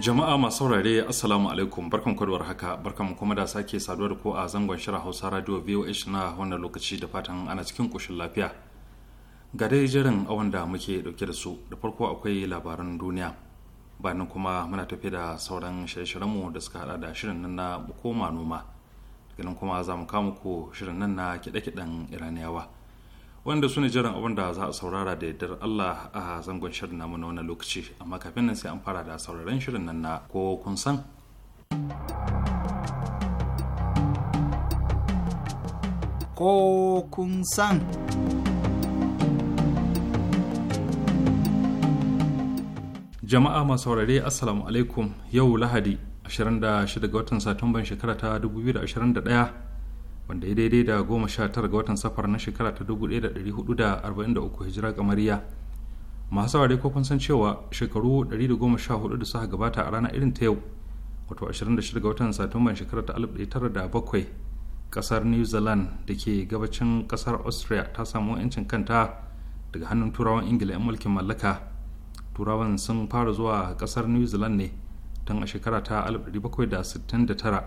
jama'a masu saurare assalamu alaikum barkan kwadwar haka barkan kuma da sake saduwa da ku a zangon shirin hausa radio voh na wannan lokaci da fatan ana cikin kushin lafiya ga dai jiran awon da muke dauke da su da farko akwai labaran duniya bayanin kuma muna tafi da sauran shirye-shiryenmu da suka hada da shirin nan na koma noma daga kuma za mu kama ku shirin nan na kiɗe-kiɗen iraniyawa wanda su ne jiran abin da za a saurara da yardar allah a zangon shirin namu na wani lokaci amma kafin nan sai an fara da sauraron shirin nan na ko kun san ko kun san jama'a masu saurare assalamu alaikum yau lahadi 26 ga watan satumban shekara ta 2021 wanda ya daidai da 19 ga watan safar na shekara ta 1443 hijira kamariya masu saurare ko kun san cewa shekaru 114 da suka gabata a rana irin ta yau wato 26 ga watan satumban shekara ta 1907 kasar new zealand da ke gabacin kasar austria ta samu 'yancin kanta daga hannun turawan ingila 'yan mulkin mallaka turawan sun fara zuwa kasar new zealand ne tun a shekara ta 1769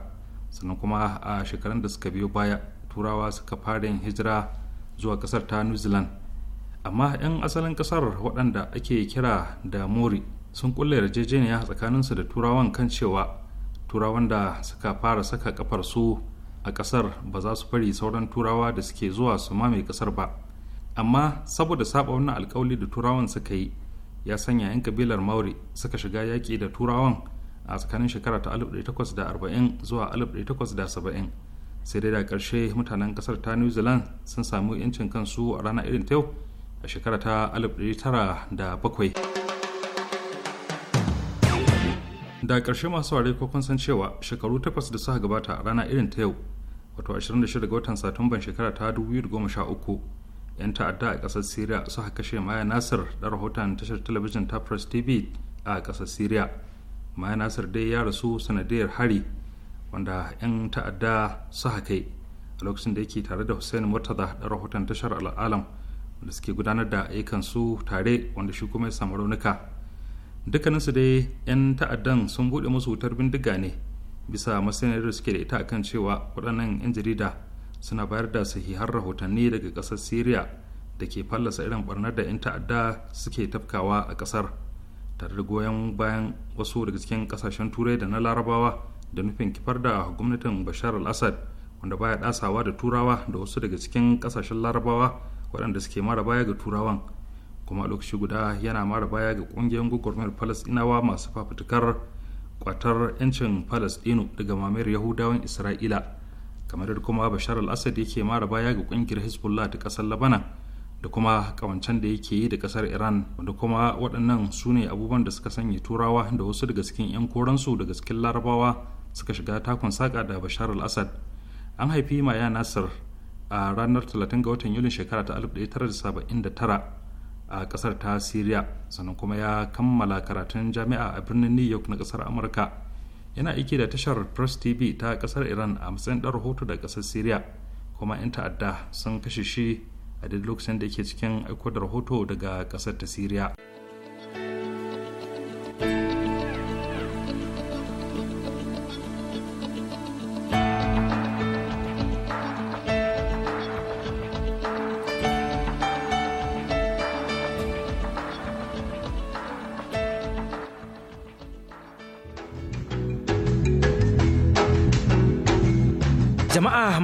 sannan kuma a shekarun da suka biyo baya turawa suka fara yin hijira zuwa kasar ta new zealand amma 'yan asalin kasar waɗanda ake kira da mori sun kulle yarjejeniya tsakaninsu da turawan kan cewa turawan da suka fara saka kafar su a kasar ba za su bari sauran turawa da suke zuwa su mame kasar ba amma saboda saba wannan alkawali da turawan suka yi ya sanya 'yan kabilar maori suka shiga yaƙi da turawan a tsakanin shekara ta 1840 zuwa 1870 sai dai da ƙarshe mutanen ƙasar ta new zealand sun samu 'yancin kansu a rana irin ta yau a shekara ta 1907 da ƙarshe masu ware ko san cewa shekaru takwas da suka gabata a rana irin ta yau wato 26 ga watan satumban shekara ta 2013 'yan ta'adda a ƙasar syria haka kashe maya nasir da rahoton tashar talabijin ta press tv a ƙasar syria maya nasir dai ya rasu sanadiyar hari wanda 'yan ta'adda su haka a lokacin da yake tare da hussein murtaza da rahoton tashar al'alam da suke gudanar da ayyukan su tare wanda shi kuma ya samu raunuka dukkaninsu dai 'yan ta'addan sun buɗe musu wutar bindiga ne bisa masaniyar da suke da ita akan cewa waɗannan 'yan jarida suna bayar da sahihar rahotanni daga kasar syria da ke fallasa irin barnar da 'yan ta'adda suke tafkawa a ƙasar tare da goyon bayan wasu daga cikin kasashen turai da na larabawa da nufin kifar da gwamnatin bashar al-assad wanda baya ɗasawa da turawa da wasu daga cikin kasashen larabawa waɗanda suke mara baya ga turawan kuma lokaci guda yana mara baya ga ƙungiyar gwagwarmayar falasɗinawa masu fafutukar kwatar 'yancin falasɗinu daga mamayar yahudawan isra'ila kamar da kuma bashar al-assad yake mara baya ga kungiyar hezbollah ta kasar labanan da kuma kawancen da yake yi da kasar iran da kuma waɗannan su ne abubuwan da suka sanya turawa da wasu daga cikin 'yan koransu daga cikin larabawa suka shiga takun saƙa da bashar al-assad an haifi maya nasir a ranar 30 ga watan yulin shekara ta 1979 a kasar ta syria sannan kuma ya kammala karatun jami'a a birnin new york na kasar amurka yana aiki da tashar press tv ta kasar iran a matsayin ɗan rahoto da kasar syria kuma 'yan ta'adda sun kashe shi a duk lokacin da yake cikin aiko da rahoto daga kasar ta syria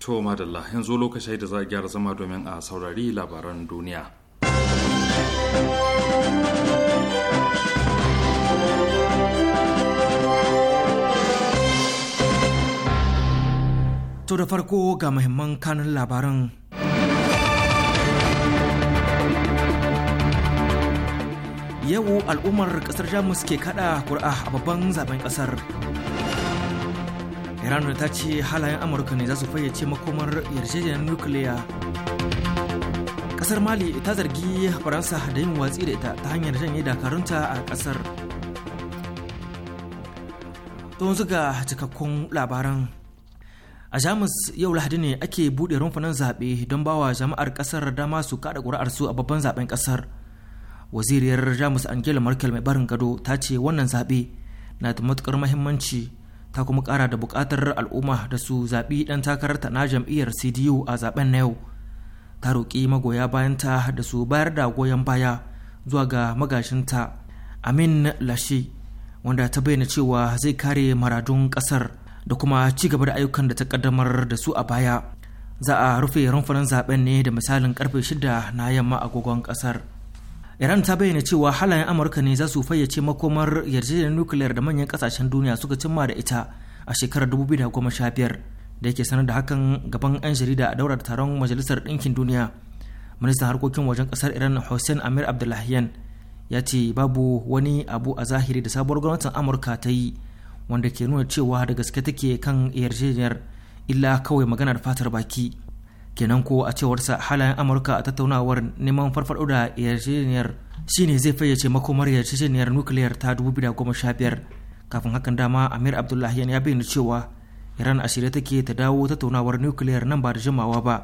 To madalla yanzu lokacin da za a gyara zama domin a saurari labaran duniya. To da farko ga muhimman kanun labaran. Yau al'ummar ƙasar Jamus ke kaɗa kur'a a babban zaben ƙasar. iran ta ce halayen amurka ne za su fayyace makomar yarjejeniyar nukiliya kasar mali ta zargi faransa da yin watsi da ita ta hanyar janye dakarunta a kasar don zuga cikakkun labaran a jamus yau lahadi ne ake buɗe rumfunan zaɓe don bawa jama'ar ƙasar dama su kaɗa ƙuri'arsu a babban zaɓen ƙasar waziriyar jamus angela merkel mai barin gado ta ce wannan zaɓe na da matuƙar muhimmanci. ta kuma kara da bukatar al'umma da su zaɓi ɗan takararta na jam'iyyar cdu a zaben na yau ta roƙi magoya bayanta da su bayar da goyon baya zuwa ga magashinta amin lashe wanda ta bayyana cewa zai kare maradun ƙasar da kuma ci gaba da ayyukan da ta kaddamar da su a baya za a rufe rumfunan zaben ne da misalin karfe shida na yamma a agogon ƙasar iran ta bayyana cewa halayen amurka ne za su fayyace makomar yarjejeniyar nukiliyar da manyan kasashen duniya suka cimma da ita a shekarar 2015 da yake sanar da hakan gaban 'yan jarida a daular taron majalisar ɗinkin duniya ministan harkokin wajen ƙasar iran hussein amir abdullahiyan ya ce babu wani abu a zahiri da sabuwar gwamnatin amurka ta yi wanda ke nuna cewa da gaske take kan yarjejeniyar illa kawai maganar fatar baki kenan ko a cewarsa halayen amurka a tattaunawar neman farfaɗo da yarjejeniyar shine zai fayyace makomar yarjejeniyar nukiliyar ta 2015 kafin hakan dama amir abdullahiyan ya bayyana cewa iran a shirye take ta dawo tattaunawar nukiliyar nan ba da jimawa ba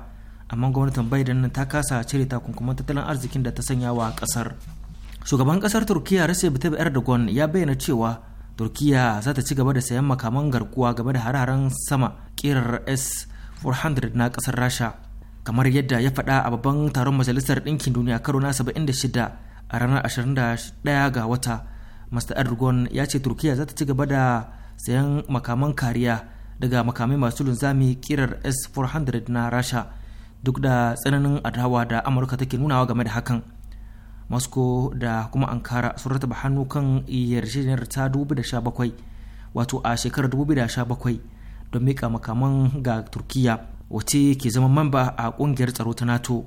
amma gwamnatin biden ta kasa cire takunkuman tattalin arzikin da ta sanya wa kasar shugaban kasar turkiya recep bitab erdogan ya bayyana cewa turkiya za ta ci gaba da sayan makaman garkuwa game da hararen sama kirar s 400 na kasar rasha kamar yadda ya faɗa a babban taron majalisar ɗinkin duniya karo na 76 a ranar 21 ga wata mr erdogan ya ce turkiya za ta ci gaba da sayan makaman kariya daga makamai masu linzami kirar s-400 na rasha duk da tsananin adawa da amurka take nunawa game da hakan moscow da kuma ankara sun rataba hannu kan yarjejeniyar ta 2017 wato a shekarar 2017 don mika makaman ga turkiya wace ke zama mamba a kungiyar tsaro ta nato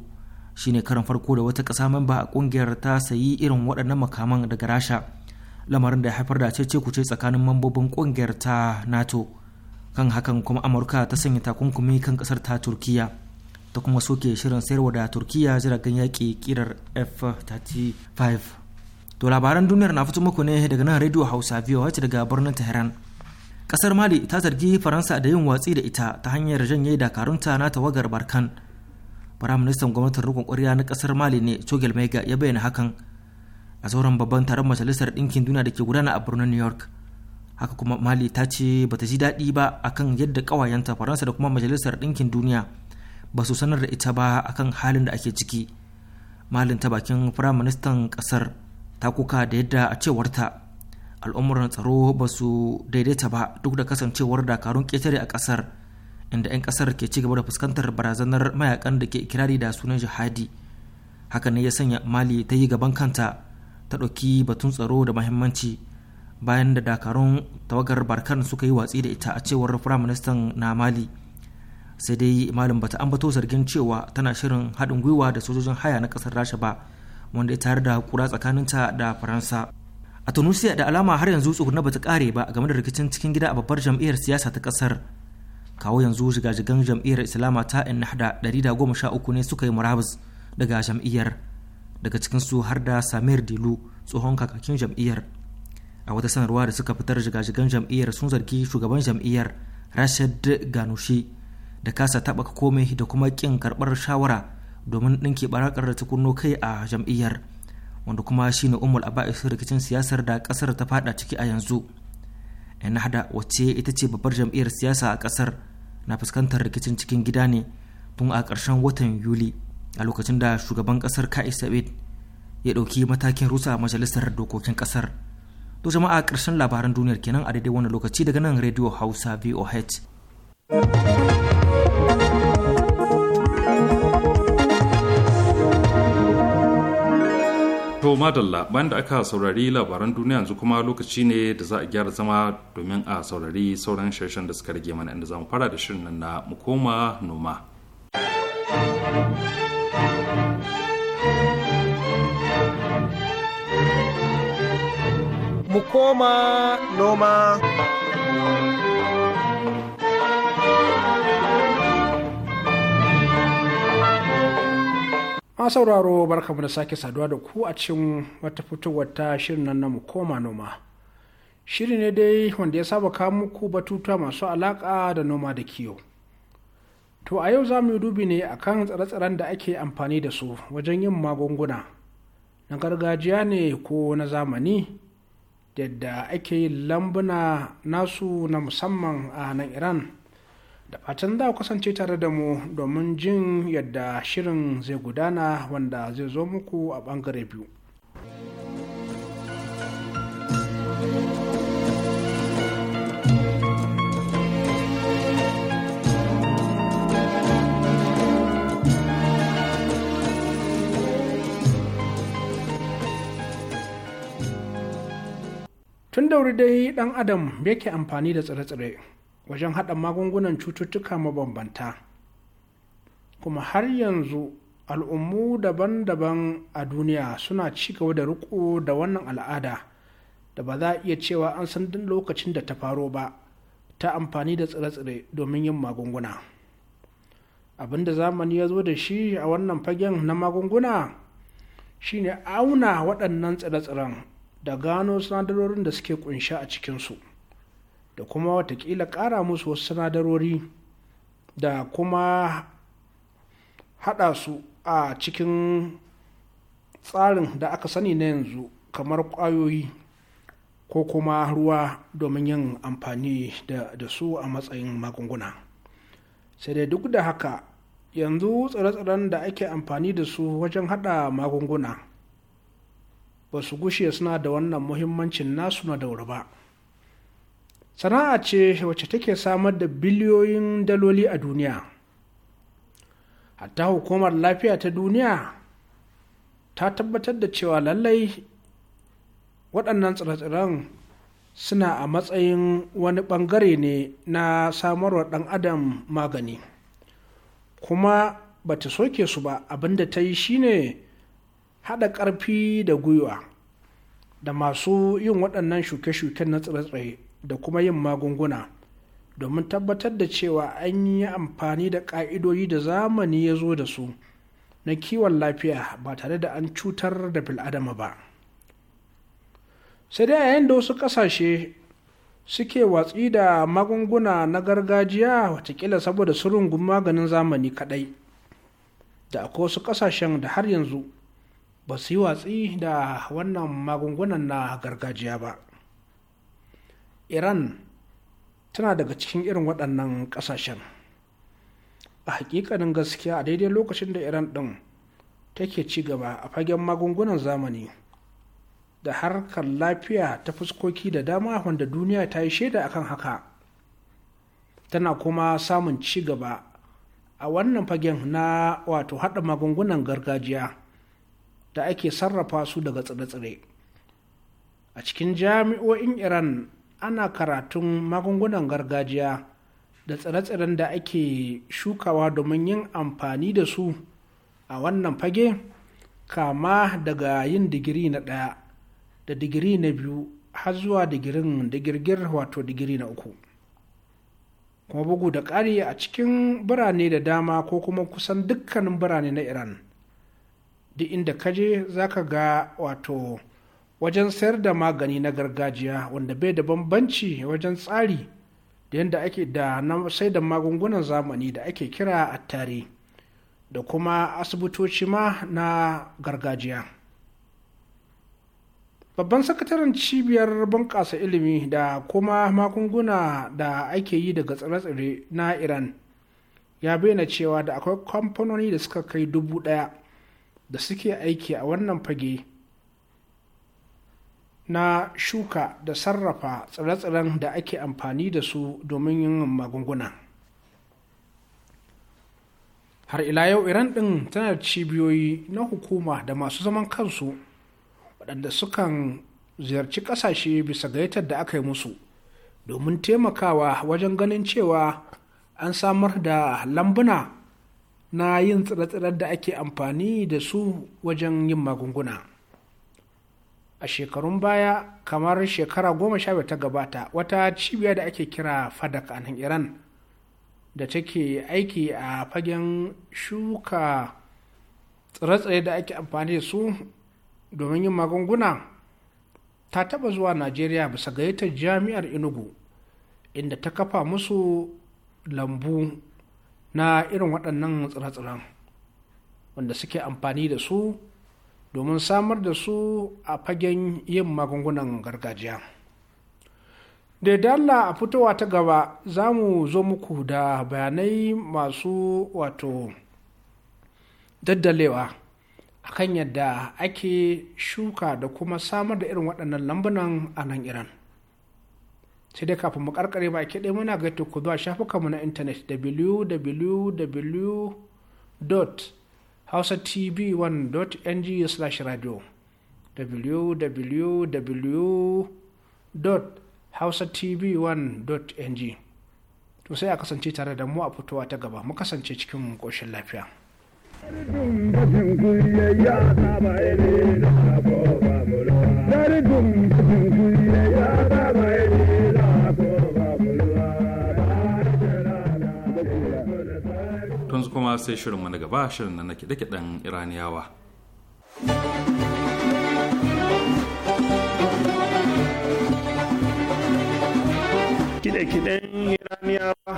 shine karin farko da wata ƙasa mamba a kungiyar ta sayi irin waɗannan makaman daga rasha lamarin da ya haifar da cece kuce tsakanin mambobin kungiyar ta nato kan hakan kuma amurka ta sanya takunkumi kan ƙasar ta turkiya ta kuma soke shirin sayarwa da turkiya jiragen yaƙi kirar f-35 to labaran duniyar na fito muku ne daga nan radio hausa biyu wacce daga birnin tehran kasar mali ta zargi faransa da yin watsi da ita ta hanyar janye dakarunta na tawagar barkan firaministan gwamnatin rukun kwarya na kasar mali ne chogel mega ya bayyana hakan a sauran babban taron majalisar ɗinkin duniya da ke gudana a birnin new york haka kuma mali ta ce ba ta ji daɗi ba akan yadda ƙawayenta faransa da kuma majalisar ɗinkin duniya ba su sanar da ita ba akan halin da ake ciki malin ta bakin firaministan kasar ta kuka da yadda a cewarta al'umuran tsaro ba su daidaita ba duk da kasancewar dakarun ketare a ƙasar inda 'yan ƙasar ke cigaba da fuskantar barazanar mayakan da ke kirari da sunan jihadi hakan ne ya sanya mali ta yi gaban kanta ta ɗauki batun tsaro da mahimmanci bayan da dakarun tawagar barkan suka yi watsi da ita a cewar firaministan na mali sai dai ba bata ambato zargin cewa tana shirin haɗin gwiwa da sojojin haya na ƙasar rasha ba wanda ya tare da kura tsakaninta da faransa a tunisia da alama har yanzu tsuguna ba ta kare ba game da rikicin cikin gida a babbar jam'iyyar siyasa ta kasar kawo yanzu jigajigan jam'iyyar islama ta da sha uku ne suka yi murabus daga jam'iyyar daga cikinsu har da samir dilu tsohon kakakin jam'iyyar a wata sanarwa da suka fitar jigajigan jam'iyyar sun zargi shugaban jam'iyyar rashid ganushi da kasa taɓa komai da kuma ƙin karɓar shawara domin ɗinke barakar da tukunno kai a jam'iyyar wanda kuma shi shine umar aba'is rikicin siyasar da kasar ta fada ciki a yanzu hada wacce ita ce babbar jam'iyyar siyasa a kasar na fuskantar rikicin cikin gida ne tun a karshen watan yuli a lokacin da shugaban kasar kai sa'id ya ɗauki matakin rusa a majalisar dokokin kasar to jama'a ƙarshen labaran duniyar kenan a daidai wani lokaci daga nan radio hausa voh To madalla bayan da aka saurari labaran duniya yanzu kuma lokaci ne da za a gyara zama domin a saurari sauran shirshen da suka rage mana inda za mu fara da shirin nan na mukoma noma. Mu koma noma. sauraro sauraro mu da sake saduwa da ku a cikin wata fitowar ta shirin nan na mu koma noma shiri ne dai wanda ya saba kawo muku batutuwa masu alaka da noma da kiwo to a yau za mu yi dubi ne akan tsare-tsaren da ake amfani da su wajen yin magunguna na gargajiya ne ko na zamani yadda ake yin lambuna nasu na musamman a nan iran da fatan za kasance tare da mu domin jin yadda shirin zai gudana wanda zai zo muku a bangare biyu tun da wuri dai dan adam yake amfani da tsire-tsire wajen haɗa magungunan cututtuka mabambanta kuma har yanzu al'ummu daban-daban a duniya suna ci gaba da riko da wannan al'ada da ba za a iya cewa an san duk lokacin da ta faro ba ta amfani da tsire-tsire domin yin magunguna Abin da zamani ya zo da shi a wannan fagen na magunguna shine auna waɗannan tsire-tsiren da gano sinadarorin da suke kunshe a cikinsu da kuma watakila ƙara musu wasu sinadarori da kuma haɗa su a cikin tsarin da aka sani na yanzu kamar ƙwayoyi ko kuma ruwa domin yin amfani da su a matsayin magunguna sai dai duk da haka yanzu tsare-tsaren da ake amfani da su wajen haɗa magunguna ba su gushe suna da wannan muhimmancin nasu na daura ba sana'a ce wacce take samar da biliyoyin daloli a duniya hatta hukumar lafiya ta duniya ta tabbatar da cewa lallai waɗannan tsire-tsiren suna a matsayin wani ɓangare ne na samarwa ɗan adam magani kuma ba ta soke su ba abinda ta yi shine haɗa ƙarfi da gwiwa da masu yin waɗannan shuke-shuken na tsirrai da kuma yin magunguna domin tabbatar da cewa an yi amfani da ƙa'idodi da zamani ya zo da su na kiwon lafiya ba tare da an cutar da bil'adama ba sai dai a yayin da wasu ƙasashe suke watsi da magunguna na gargajiya watakila saboda surungun maganin zamani kaɗai da akwai wasu ƙasashen da har yanzu ba su yi watsi da wannan magungunan na gargajiya ba iran tana daga cikin irin waɗannan ƙasashen a hakikanin gaskiya a daidai lokacin da iran ɗin take ci gaba a fagen magungunan zamani da harkar lafiya ta fuskoki da dama wanda duniya ta yi shaida akan haka tana kuma samun ci gaba a wannan fagen na wato haɗa magungunan gargajiya da ake sarrafa su daga tsire-tsire a cikin jami'o'in iran ana karatun magungunan gargajiya da tsire-tsiren da ake shukawa domin yin amfani da su a wannan fage kama daga yin digiri na ɗaya da digiri na biyu har zuwa digirin digirgir wato digiri na uku kuma bugu da ƙari a cikin birane da dama ko kuma kusan dukkanin birane na iran duk inda kaje za ka ga wato wajen sayar da magani na gargajiya wanda bai da bambanci wajen tsari da yadda ake da na sai da magungunan zamani da ake kira a tare da kuma asibitoci ma na gargajiya babban sakataren cibiyar bunƙasa ilimi da kuma magunguna da ake yi daga tsare-tsare na iran ya bayyana cewa da akwai kamfanoni da suka kai dubu ɗaya da suke aiki a wannan fage na shuka da sarrafa tsire-tsiren da ake amfani da su domin yin magunguna har ila yau iran ɗin tana da cibiyoyi na hukuma da masu zaman kansu waɗanda sukan ziyarci ƙasashe bisa gayyatar da aka yi musu domin taimakawa wajen ganin cewa an samar da lambuna na yin tsire-tsiren da ake amfani da su wajen yin magunguna. a shekarun baya kamar shekara goma sha ta gabata wata cibiya da ake kira fadak a nan iran da take aiki a fagen shuka tsire-tsire da ake amfani da su domin yin magunguna ta taba zuwa najeriya bisa gayyatar jami'ar inugu inda ta kafa musu lambu na irin waɗannan tsire-tsiren wanda suke amfani da su domin samar da su a fagen yin magungunan gargajiya da dalla a fitowa ta gaba za mu zo muku da bayanai masu wato daddalewa akan yadda ake shuka da kuma samar da irin waɗannan lambunan a nan iran sai dai kafin mu karkare ba ke ɗaya muna gaita ku zuwa shafukanmu na intanet www hausatv1.ng/radio www.hausatv1.ng to sai a kasance tare da mu a fitowa ta gaba mu kasance cikin koshin lafiya. Dari dum Dari dum ba ya kuma sai shirin na gaba shirin na kiɗe-kiɗen iraniyawa kiɗe-kiɗen iraniyawa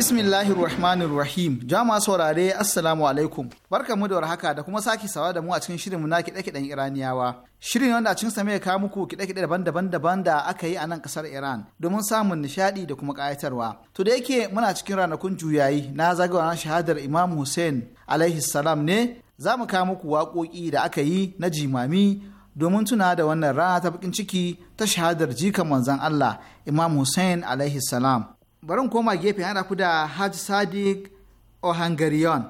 Bismillahir Rahmanir Rahim. Jama saurare Assalamu alaikum. Barkamu da warhaka da kuma sake sawa da mu a cikin shirinmu na kiɗe-kiɗen Iraniyawa. Shirin wanda a cikin sa ka muku kiɗe-kiɗe daban-daban daban da aka yi a nan ƙasar Iran domin samun nishaɗi da kuma ƙayatarwa. To da yake muna cikin ranakun juyayi na na shahadar Imam Hussein alaihi salam ne za mu kawo muku waƙoƙi da aka yi na jimami domin tuna da wannan rana ta bakin ciki ta shahadar jikan manzon Allah Imam Hussein alaihi salam. barin koma gefe hana ku da Hajj Sadiq Ohangariyon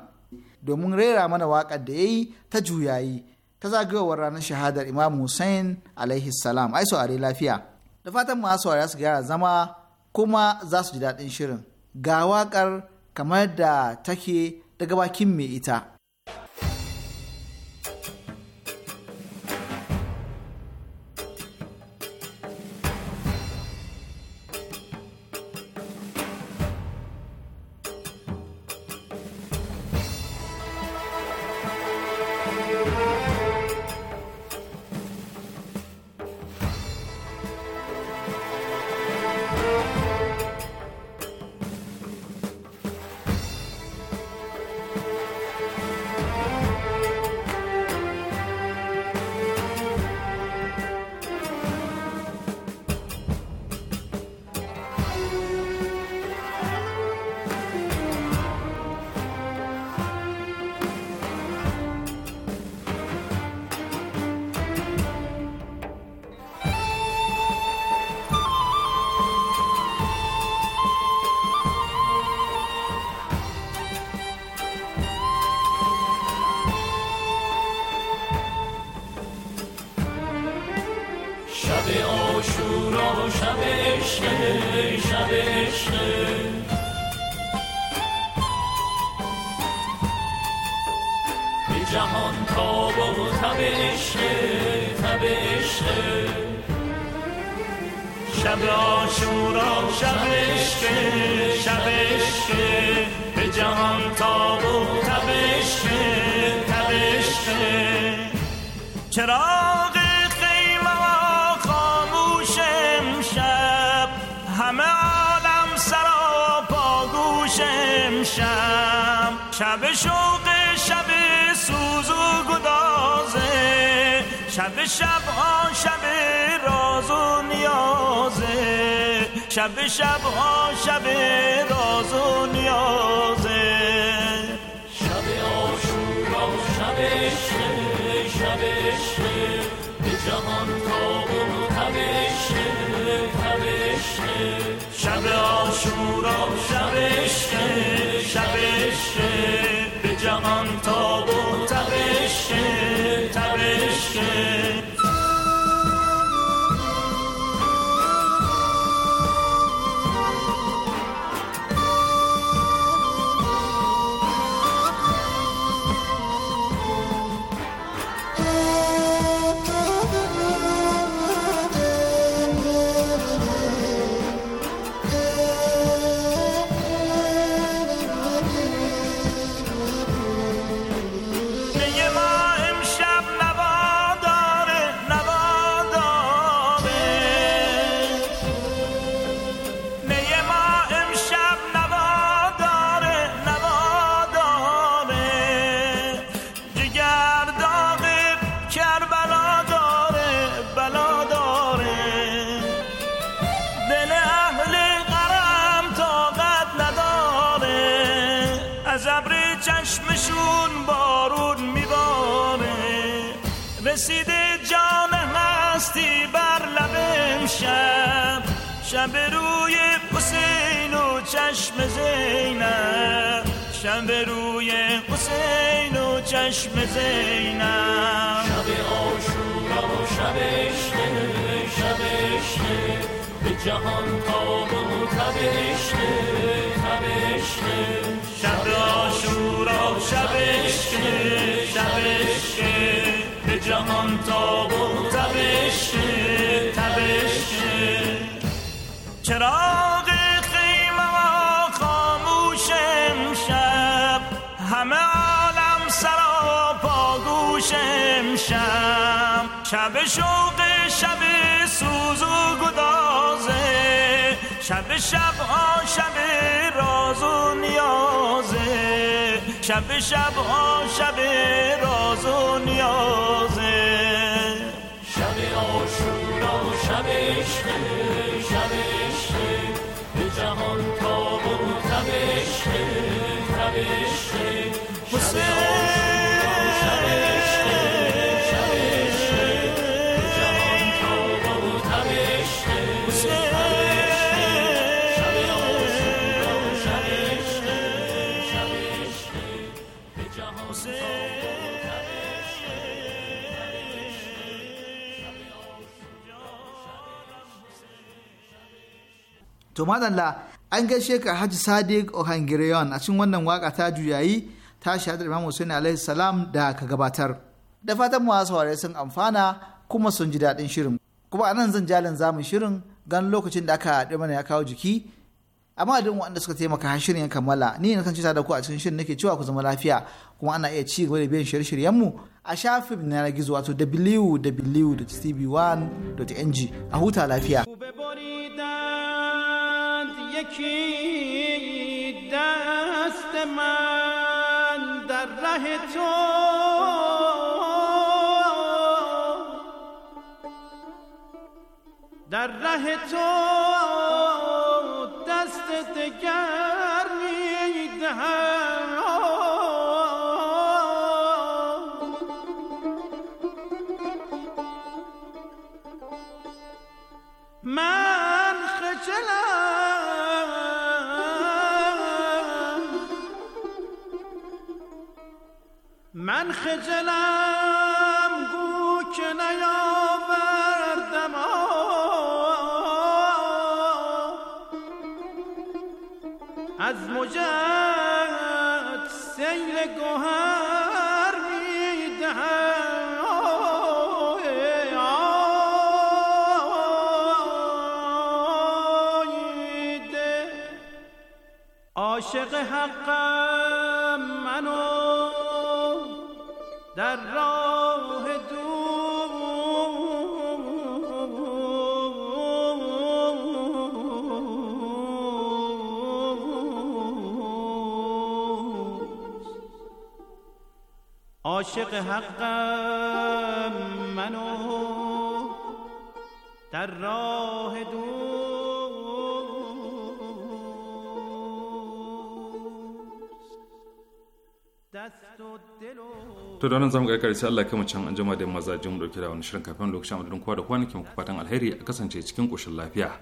domin rera mana waƙar da ya yi ta juyayi ta zagayowar ranar shahadar Imam Hussein alaihi salam ai saurari lafiya. Da fatan masu saurari su gyara zama kuma za su ji daɗin shirin. Ga waƙar kamar da take daga bakin mai ita. به جهان تاب و چراغ خیمه خاموش امشب همه عالم سرا پاگوش امشب شب شوق شب سوز و گدازه شب شب آن شب راز و نیازه شب شب ها شب راز و نیازه شب آشورا شب شب شب شب به جهان تا و تب شب شب آشورا شب شب شب شب به جهان تابون رسیده جان هستی بر لبم امشب شب روی حسین و چشم زینب شب روی حسین و چشم زینب شب آشورا و شب اشته شب اشته به جهان تاب و تب اشته تب شب آشورا و شب اشته شب اشته جهان تاب و تبش تبش چراغ خیمه ما خاموش امشب همه عالم سرا پاگوش امشب شب شوق شب سوز و گدازه شب شب آن شب راز و نیازه شب شب ها شب راز و نیازه شب آشورا شب عشقه شب به جهان تاب و تب عشقه To madalla an gaishe ka hajji Sadiq ohangireon a cikin wannan waka ta juyayi ta shahadar Imam Hussein alaihi salam da ka gabatar. Da fatan masu saurare sun amfana kuma sun ji daɗin shirin. Kuma anan zan jalin zamun shirin gan lokacin da aka haɗe mana ya kawo jiki. Amma duk waɗanda suka taimaka har shirin ya kammala ni na kan cita da ku a cikin shirin nake cewa ku zama lafiya kuma ana iya ci gaba da biyan shirye-shiryenmu a shafin na gizo wato www.tv1.ng a huta lafiya. یکی دست من در ره تو در ره تو دست دگر می جلم گو که نیاوردم از مجد سیل گوهر میدهم عاشق حقم در راه عاشق حقم منو در راه to da wannan zamu ga karshe Allah kai mu can anjima da maza mu dauke da wannan shirin kafin lokacin madadin kowa da kwanakin ku fatan alheri a kasance cikin koshin lafiya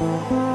Mm-hmm.